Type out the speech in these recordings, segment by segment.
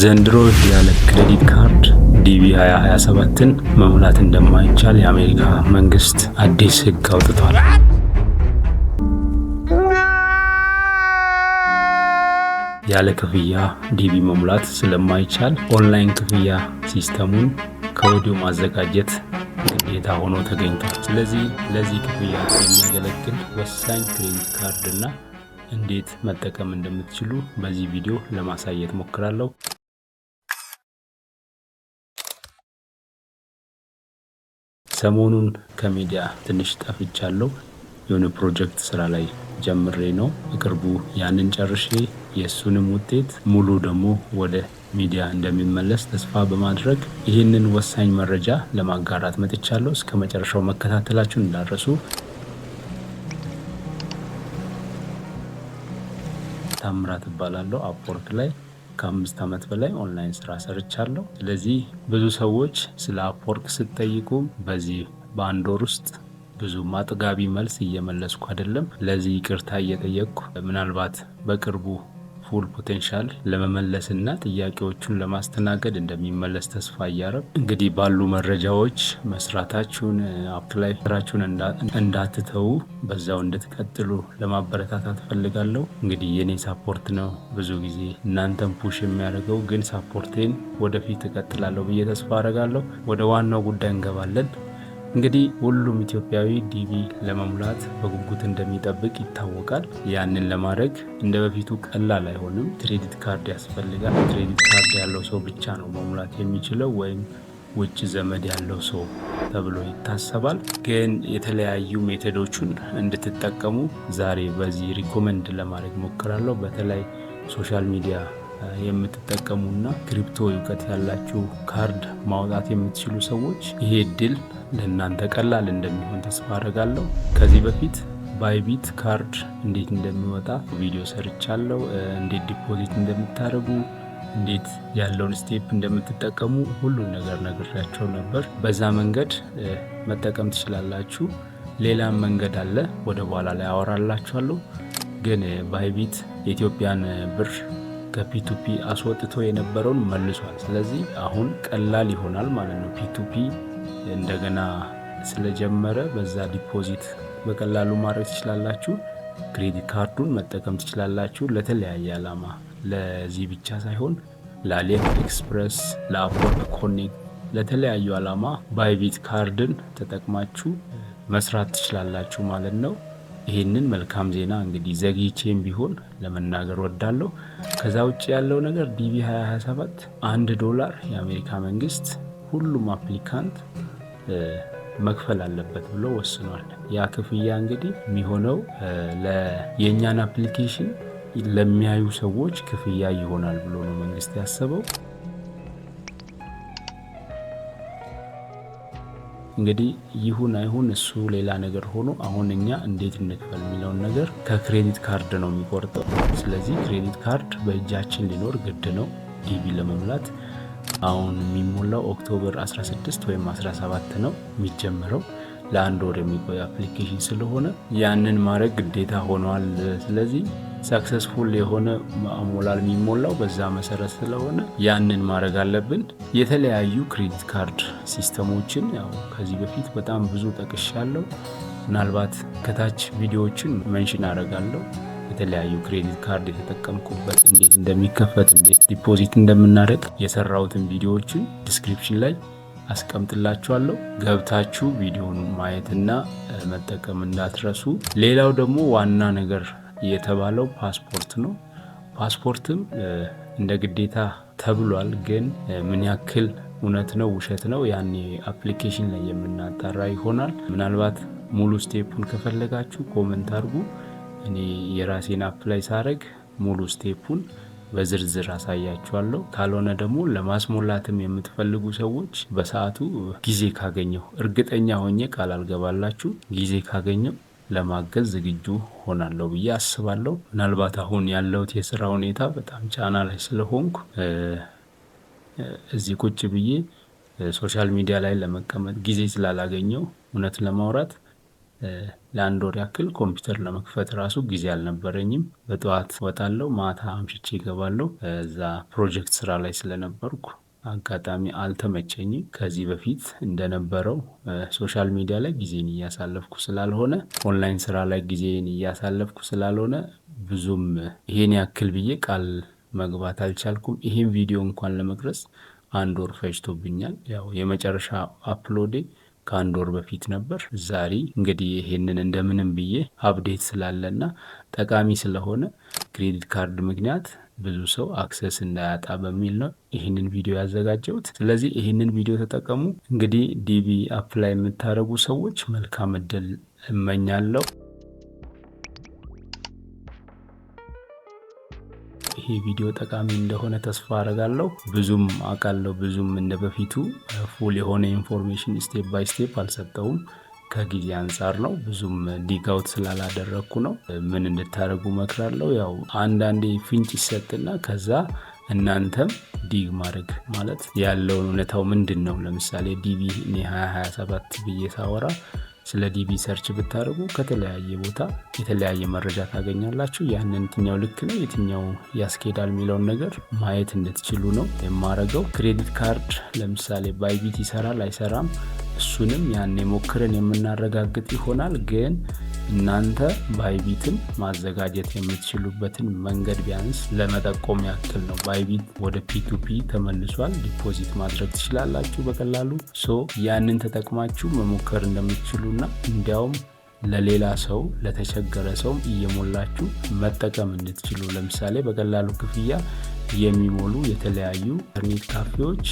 ዘንድሮ ያለ ክሬዲት ካርድ ዲቢ 2027ን መሙላት እንደማይቻል የአሜሪካ መንግስት አዲስ ህግ አውጥቷል። ያለ ክፍያ ዲቪ መሙላት ስለማይቻል ኦንላይን ክፍያ ሲስተሙን ከወዲሁ ማዘጋጀት ግዴታ ሆኖ ተገኝቷል። ስለዚህ ለዚህ ክፍያ የሚያገለግል ወሳኝ ክሬዲት ካርድ እና እንዴት መጠቀም እንደምትችሉ በዚህ ቪዲዮ ለማሳየት ሞክራለሁ። ሰሞኑን ከሚዲያ ትንሽ ጠፍቻለሁ። የሆነ ፕሮጀክት ስራ ላይ ጀምሬ ነው። እቅርቡ ያንን ጨርሼ የእሱንም ውጤት ሙሉ ደግሞ ወደ ሚዲያ እንደሚመለስ ተስፋ በማድረግ ይህንን ወሳኝ መረጃ ለማጋራት መጥቻለሁ። እስከ መጨረሻው መከታተላችሁን እንዳረሱ ታምራት እባላለሁ። አፕወርክ ላይ ከአምስት ዓመት በላይ ኦንላይን ስራ ሰርቻለሁ። ስለዚህ ብዙ ሰዎች ስለ አፕወርክ ስትጠይቁ በዚህ በአንድ ወር ውስጥ ብዙ ማጥጋቢ መልስ እየመለስኩ አይደለም። ለዚህ ይቅርታ እየጠየቅኩ ምናልባት በቅርቡ ፉል ፖቴንሻል ለመመለስና ጥያቄዎቹን ለማስተናገድ እንደሚመለስ ተስፋ እያረብ እንግዲህ ባሉ መረጃዎች መስራታችሁን አፕላይ ስራችሁን እንዳትተዉ በዛው እንድትቀጥሉ ለማበረታታት ፈልጋለሁ። እንግዲህ የኔ ሳፖርት ነው ብዙ ጊዜ እናንተን ፑሽ የሚያደርገው ግን ሳፖርቴን ወደፊት እቀጥላለሁ ብዬ ተስፋ አረጋለሁ። ወደ ዋናው ጉዳይ እንገባለን። እንግዲህ ሁሉም ኢትዮጵያዊ ዲቪ ለመሙላት በጉጉት እንደሚጠብቅ ይታወቃል። ያንን ለማድረግ እንደ በፊቱ ቀላል አይሆንም። ክሬዲት ካርድ ያስፈልጋል። ክሬዲት ካርድ ያለው ሰው ብቻ ነው መሙላት የሚችለው ወይም ውጭ ዘመድ ያለው ሰው ተብሎ ይታሰባል። ግን የተለያዩ ሜቶዶቹን እንድትጠቀሙ ዛሬ በዚህ ሪኮመንድ ለማድረግ ሞክራለሁ። በተለይ ሶሻል ሚዲያ የምትጠቀሙና ክሪፕቶ እውቀት ያላችሁ ካርድ ማውጣት የምትችሉ ሰዎች ይሄ እድል ለእናንተ ቀላል እንደሚሆን ተስፋ አድርጋለሁ። ከዚህ በፊት ባይቢት ካርድ እንዴት እንደሚወጣ ቪዲዮ ሰርቻለሁ። እንዴት ዲፖዚት እንደምታደርጉ እንዴት ያለውን ስቴፕ እንደምትጠቀሙ ሁሉን ነገር ነግሬያቸው ነበር። በዛ መንገድ መጠቀም ትችላላችሁ። ሌላም መንገድ አለ፣ ወደ በኋላ ላይ አወራላችኋለሁ። ግን ባይቢት የኢትዮጵያን ብር ከፒቱፒ አስወጥቶ የነበረውን መልሷል። ስለዚህ አሁን ቀላል ይሆናል ማለት ነው። ፒቱፒ እንደገና ስለጀመረ በዛ ዲፖዚት በቀላሉ ማድረግ ትችላላችሁ። ክሬዲት ካርዱን መጠቀም ትችላላችሁ ለተለያየ ዓላማ። ለዚህ ብቻ ሳይሆን ለአሊ ኤክስፕረስ፣ ለአፖርት ኮኒግ፣ ለተለያዩ ዓላማ ባይቢት ካርድን ተጠቅማችሁ መስራት ትችላላችሁ ማለት ነው። ይህንን መልካም ዜና እንግዲህ ዘግይቼም ቢሆን ለመናገር ወዳለሁ። ከዛ ውጭ ያለው ነገር ዲቪ 2027 አንድ ዶላር የአሜሪካ መንግስት ሁሉም አፕሊካንት መክፈል አለበት ብሎ ወስኗል። ያ ክፍያ እንግዲህ የሚሆነው የእኛን አፕሊኬሽን ለሚያዩ ሰዎች ክፍያ ይሆናል ብሎ ነው መንግስት ያሰበው። እንግዲህ ይሁን አይሁን እሱ ሌላ ነገር ሆኖ አሁን እኛ እንዴት እንክፈል የሚለውን ነገር ከክሬዲት ካርድ ነው የሚቆርጠው። ስለዚህ ክሬዲት ካርድ በእጃችን ሊኖር ግድ ነው ዲቪ ለመሙላት። አሁን የሚሞላው ኦክቶበር 16 ወይም 17 ነው የሚጀምረው ለአንድ ወር የሚቆይ አፕሊኬሽን ስለሆነ ያንን ማድረግ ግዴታ ሆኗል። ስለዚህ ሰክሰስፉል የሆነ ማሞላል የሚሞላው በዛ መሰረት ስለሆነ ያንን ማድረግ አለብን። የተለያዩ ክሬዲት ካርድ ሲስተሞችን ያው ከዚህ በፊት በጣም ብዙ ጠቅሻለሁ። ምናልባት ከታች ቪዲዮዎችን መንሽን አደርጋለሁ። የተለያዩ ክሬዲት ካርድ የተጠቀምኩበት እንዴት እንደሚከፈት እንዴት ዲፖዚት እንደምናደርግ የሰራሁትን ቪዲዮዎችን ዲስክሪፕሽን ላይ አስቀምጥላችኋለሁ። ገብታችሁ ቪዲዮውን ማየትና መጠቀም እንዳትረሱ። ሌላው ደግሞ ዋና ነገር የተባለው ፓስፖርት ነው። ፓስፖርትም እንደ ግዴታ ተብሏል። ግን ምን ያክል እውነት ነው ውሸት ነው ያኔ አፕሊኬሽን ላይ የምናጣራ ይሆናል። ምናልባት ሙሉ ስቴፑን ከፈለጋችሁ ኮመንት አድርጉ። እኔ የራሴን አፕላይ ሳረግ ሙሉ ስቴፑን በዝርዝር አሳያችኋለሁ። ካልሆነ ደግሞ ለማስሞላትም የምትፈልጉ ሰዎች በሰዓቱ ጊዜ ካገኘው እርግጠኛ ሆኜ ቃል አልገባላችሁ ጊዜ ካገኘው ለማገዝ ዝግጁ ሆናለሁ ብዬ አስባለሁ። ምናልባት አሁን ያለሁት የስራ ሁኔታ በጣም ጫና ላይ ስለሆንኩ እዚህ ቁጭ ብዬ ሶሻል ሚዲያ ላይ ለመቀመጥ ጊዜ ስላላገኘው እውነት ለማውራት ለአንድ ወር ያክል ኮምፒውተር ለመክፈት ራሱ ጊዜ አልነበረኝም። በጠዋት ወጣለው፣ ማታ አምሽቼ ይገባለው። እዛ ፕሮጀክት ስራ ላይ ስለነበርኩ አጋጣሚ አልተመቸኝም። ከዚህ በፊት እንደነበረው ሶሻል ሚዲያ ላይ ጊዜን እያሳለፍኩ ስላልሆነ ኦንላይን ስራ ላይ ጊዜን እያሳለፍኩ ስላልሆነ ብዙም ይሄን ያክል ብዬ ቃል መግባት አልቻልኩም። ይሄን ቪዲዮ እንኳን ለመቅረጽ አንድ ወር ፈጅቶብኛል። ያው የመጨረሻ አፕሎዴ ከአንድ ወር በፊት ነበር። ዛሬ እንግዲህ ይሄንን እንደምንም ብዬ አፕዴት ስላለና ጠቃሚ ስለሆነ ክሬዲት ካርድ ምክንያት ብዙ ሰው አክሰስ እንዳያጣ በሚል ነው ይህንን ቪዲዮ ያዘጋጀሁት። ስለዚህ ይህንን ቪዲዮ ተጠቀሙ። እንግዲህ ዲቪ አፕላይ የምታደርጉ ሰዎች መልካም እድል እመኛለሁ። ይህ ቪዲዮ ጠቃሚ እንደሆነ ተስፋ አደርጋለሁ። ብዙም አውቃለሁ፣ ብዙም እንደ በፊቱ ፉል የሆነ ኢንፎርሜሽን ስቴፕ ባይ ስቴፕ አልሰጠውም። ከጊዜ አንጻር ነው። ብዙም ዲጋውት ስላላደረግኩ ነው። ምን እንድታደርጉ መክራለሁ? ያው አንዳንዴ ፍንጭ ይሰጥና ከዛ እናንተም ዲግ ማድረግ ማለት ያለውን እውነታው ምንድን ነው። ለምሳሌ ዲቪ 2027 ብዬ ሳወራ ስለ ዲቢ ሰርች ብታደርጉ ከተለያየ ቦታ የተለያየ መረጃ ታገኛላችሁ። ያንን የትኛው ልክ ነው፣ የትኛው ያስኬዳል የሚለውን ነገር ማየት እንድትችሉ ነው የማረገው። ክሬዲት ካርድ ለምሳሌ ባይቢት ይሰራል አይሰራም፣ እሱንም ያን ሞክረን የምናረጋግጥ ይሆናል ግን እናንተ ባይቢትን ማዘጋጀት የምትችሉበትን መንገድ ቢያንስ ለመጠቆም ያክል ነው። ባይቢት ወደ ፒቱፒ ተመልሷል። ዲፖዚት ማድረግ ትችላላችሁ በቀላሉ ሶ ያንን ተጠቅማችሁ መሞከር እንደምትችሉና እንዲያውም ለሌላ ሰው ለተቸገረ ሰውም እየሞላችሁ መጠቀም እንድትችሉ ለምሳሌ በቀላሉ ክፍያ የሚሞሉ የተለያዩ ኢንተርኔት ካፌዎች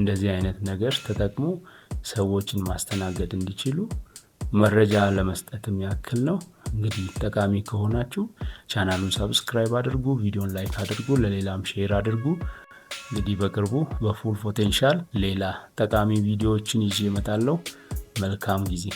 እንደዚህ አይነት ነገር ተጠቅሞ ሰዎችን ማስተናገድ እንዲችሉ መረጃ ለመስጠት ያክል ነው። እንግዲህ ጠቃሚ ከሆናችሁ ቻናሉን ሰብስክራይብ አድርጉ፣ ቪዲዮን ላይክ አድርጉ፣ ለሌላም ሼር አድርጉ። እንግዲህ በቅርቡ በፉል ፖቴንሻል ሌላ ጠቃሚ ቪዲዮዎችን ይዤ እመጣለሁ። መልካም ጊዜ